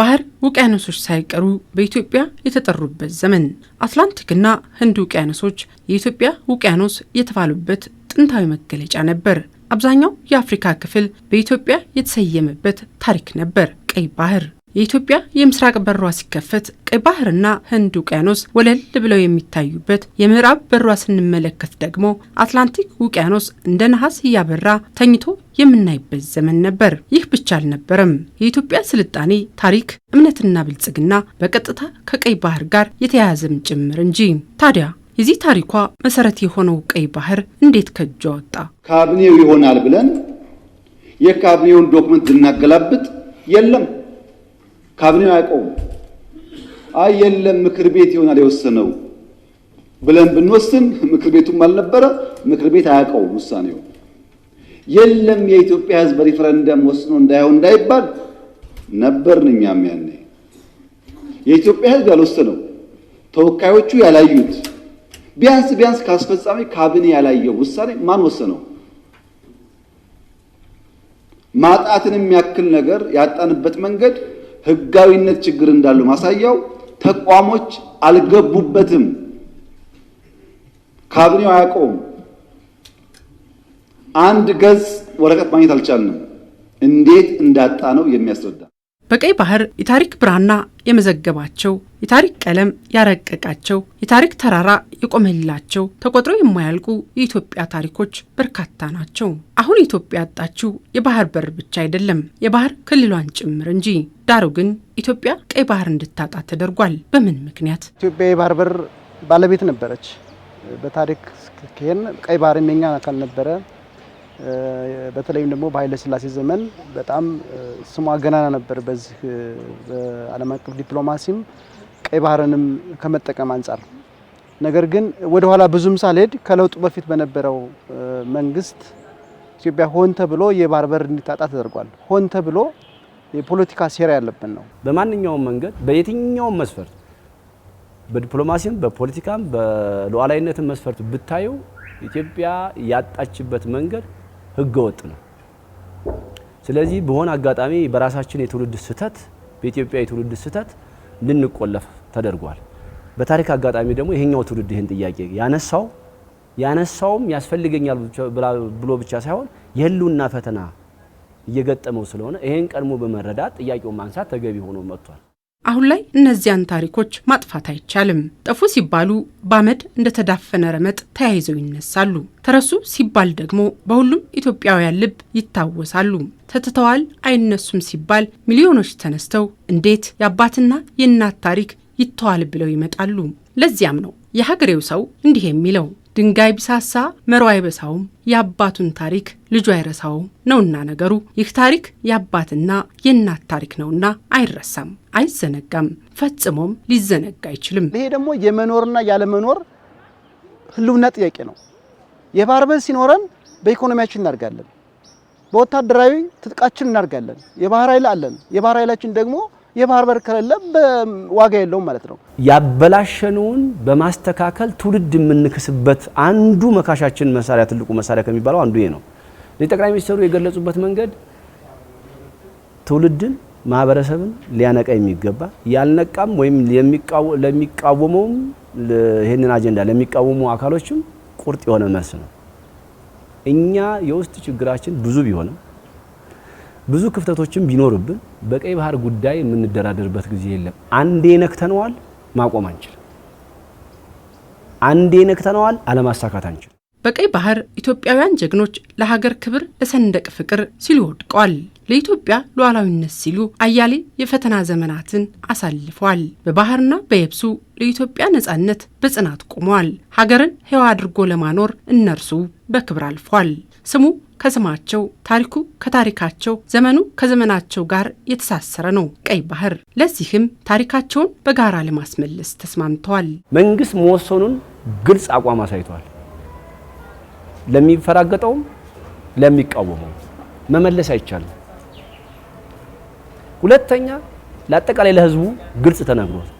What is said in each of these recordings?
ባህር ውቅያኖሶች ሳይቀሩ በኢትዮጵያ የተጠሩበት ዘመን አትላንቲክና ህንድ ውቅያኖሶች የኢትዮጵያ ውቅያኖስ የተባሉበት ጥንታዊ መገለጫ ነበር። አብዛኛው የአፍሪካ ክፍል በኢትዮጵያ የተሰየመበት ታሪክ ነበር። ቀይ ባህር የኢትዮጵያ የምስራቅ በሯ ሲከፈት ቀይ ባህርና ህንድ ውቅያኖስ ወለል ብለው የሚታዩበት፣ የምዕራብ በሯ ስንመለከት ደግሞ አትላንቲክ ውቅያኖስ እንደ ነሐስ እያበራ ተኝቶ የምናይበት ዘመን ነበር። ይህ ብቻ አልነበረም። የኢትዮጵያ ስልጣኔ፣ ታሪክ፣ እምነትና ብልጽግና በቀጥታ ከቀይ ባህር ጋር የተያያዘም ጭምር እንጂ። ታዲያ የዚህ ታሪኳ መሰረት የሆነው ቀይ ባህር እንዴት ከእጇ ወጣ? ካቢኔው ይሆናል ብለን የካቢኔውን ዶክመንት ልናገላብጥ የለም ካቢኔው አያውቀውም። አይ የለም ምክር ቤት ይሆናል የወሰነው ብለን ብንወስን ምክር ቤቱም አልነበረ፣ ምክር ቤት አያውቀውም ውሳኔው። የለም የኢትዮጵያ ሕዝብ ሪፈረንደም ወስኖ እንዳይሆን እንዳይባል ነበርን እኛም ያኔ። የኢትዮጵያ ሕዝብ ያልወሰነው ተወካዮቹ ያላዩት ቢያንስ ቢያንስ ከአስፈጻሚ ካቢኔ ያላየው ውሳኔ ማን ወሰነው? ማጣትንም ያክል ነገር ያጣንበት መንገድ ህጋዊነት ችግር እንዳለው ማሳያው ተቋሞች አልገቡበትም። ካቢኔው አያውቀውም። አንድ ገጽ ወረቀት ማግኘት አልቻልንም። እንዴት እንዳጣ ነው የሚያስረዳ። በቀይ ባህር የታሪክ ብራና የመዘገባቸው የታሪክ ቀለም ያረቀቃቸው የታሪክ ተራራ የቆመላቸው ተቆጥረው የማያልቁ የኢትዮጵያ ታሪኮች በርካታ ናቸው። አሁን ኢትዮጵያ ያጣችው የባህር በር ብቻ አይደለም፣ የባህር ክልሏን ጭምር እንጂ። ዳሩ ግን ኢትዮጵያ ቀይ ባህር እንድታጣ ተደርጓል። በምን ምክንያት? ኢትዮጵያ የባህር በር ባለቤት ነበረች። በታሪክ ከሄን ቀይ ባህር የኛ ካልነበረ በተለይም ደግሞ በኃይለስላሴ ዘመን በጣም ስሟ ገናና ነበር። በዚህ በዓለም አቀፍ ዲፕሎማሲም ቀይ ባህርንም ከመጠቀም አንጻር ነገር ግን ወደ ኋላ ብዙም ሳልሄድ ከለውጡ በፊት በነበረው መንግስት ኢትዮጵያ ሆን ተብሎ የባህር በር እንዲታጣ ተደርጓል። ሆን ተብሎ የፖለቲካ ሴራ ያለብን ነው። በማንኛውም መንገድ በየትኛውም መስፈርት በዲፕሎማሲም በፖለቲካም በሉዓላዊነትም መስፈርት ብታዩ ኢትዮጵያ ያጣችበት መንገድ ህገ ወጥ ነው። ስለዚህ በሆነ አጋጣሚ በራሳችን የትውልድ ስህተት፣ በኢትዮጵያ የትውልድ ስህተት እንድንቆለፍ ተደርጓል። በታሪክ አጋጣሚ ደግሞ ይሄኛው ትውልድ ይህን ጥያቄ ያነሳው ያነሳውም ያስፈልገኛል ብሎ ብቻ ሳይሆን የህልውና ፈተና እየገጠመው ስለሆነ ይሄን ቀድሞ በመረዳት ጥያቄውን ማንሳት ተገቢ ሆኖ መጥቷል። አሁን ላይ እነዚያን ታሪኮች ማጥፋት አይቻልም። ጠፉ ሲባሉ በአመድ እንደተዳፈነ ረመጥ ተያይዘው ይነሳሉ። ተረሱ ሲባል ደግሞ በሁሉም ኢትዮጵያውያን ልብ ይታወሳሉ። ተትተዋል አይነሱም ሲባል ሚሊዮኖች ተነስተው እንዴት የአባትና የእናት ታሪክ ይተዋል ብለው ይመጣሉ። ለዚያም ነው የሀገሬው ሰው እንዲህ የሚለው ድንጋይ ቢሳሳ መሮ አይበሳውም፣ የአባቱን ታሪክ ልጁ አይረሳውም ነውና ነገሩ። ይህ ታሪክ የአባትና የእናት ታሪክ ነውና አይረሳም፣ አይዘነጋም፣ ፈጽሞም ሊዘነጋ አይችልም። ይሄ ደግሞ የመኖርና ያለመኖር ህልውና ጥያቄ ነው። የባህር በር ሲኖረን በኢኮኖሚያችን እናድጋለን፣ በወታደራዊ ትጥቃችን እናድጋለን። የባህር ኃይል አለን። የባህር ኃይላችን ደግሞ የባህር በር ከሌለ ዋጋ የለውም ማለት ነው። ያበላሸነውን በማስተካከል ትውልድ የምንክስበት አንዱ መካሻችን መሳሪያ፣ ትልቁ መሳሪያ ከሚባለው አንዱ ይሄ ነው። ጠቅላይ ሚኒስትሩ የገለጹበት መንገድ ትውልድን፣ ማህበረሰብን ሊያነቃ የሚገባ ያልነቃም ወይም ለሚቃወመውም ይህንን አጀንዳ ለሚቃወሙ አካሎችም ቁርጥ የሆነ መልስ ነው። እኛ የውስጥ ችግራችን ብዙ ቢሆንም ብዙ ክፍተቶችም ቢኖርብን በቀይ ባህር ጉዳይ የምንደራደርበት ጊዜ የለም። አንዴ ነክተነዋል፣ ማቆም አንችል። አንዴ ነክተነዋል፣ አለማሳካት አንችል። በቀይ ባህር ኢትዮጵያውያን ጀግኖች ለሀገር ክብር፣ ለሰንደቅ ፍቅር ሲሉ ወድቀዋል። ለኢትዮጵያ ሉዓላዊነት ሲሉ አያሌ የፈተና ዘመናትን አሳልፈዋል። በባህርና በየብሱ ለኢትዮጵያ ነጻነት በጽናት ቆሟል። ሀገርን ሕያው አድርጎ ለማኖር እነርሱ በክብር አልፏል። ስሙ ከስማቸው፣ ታሪኩ ከታሪካቸው፣ ዘመኑ ከዘመናቸው ጋር የተሳሰረ ነው። ቀይ ባህር ለዚህም ታሪካቸውን በጋራ ለማስመለስ ተስማምተዋል። መንግስት መወሰኑን ግልጽ አቋም አሳይቷል። ለሚፈራገጠውም ለሚቃወመው መመለስ አይቻልም። ሁለተኛ ለአጠቃላይ ለህዝቡ ግልጽ ተነግሯል።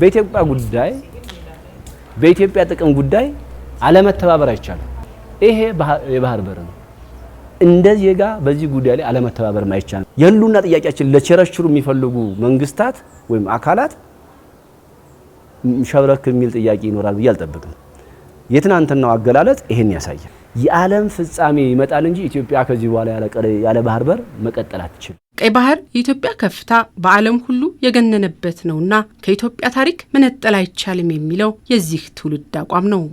በኢትዮጵያ ጉዳይ በኢትዮጵያ ጥቅም ጉዳይ አለመተባበር አይቻልም። ይሄ የባህር በር ነው። እንደ ዜጋ በዚህ ጉዳይ ላይ አለመተባበር ማይቻል የሉና ጥያቄያችን ለቸረችሩ የሚፈልጉ መንግስታት ወይም አካላት ሸብረክ የሚል ጥያቄ ይኖራል ብዬ አልጠብቅም። የትናንትናው አገላለጥ ይሄን ያሳያል። የዓለም ፍጻሜ ይመጣል እንጂ ኢትዮጵያ ከዚህ በኋላ ያለ ባህር በር መቀጠል አትችልም። ቀይ ባህር የኢትዮጵያ ከፍታ በዓለም ሁሉ የገነነበት ነውና ከኢትዮጵያ ታሪክ መነጠል አይቻልም የሚለው የዚህ ትውልድ አቋም ነው።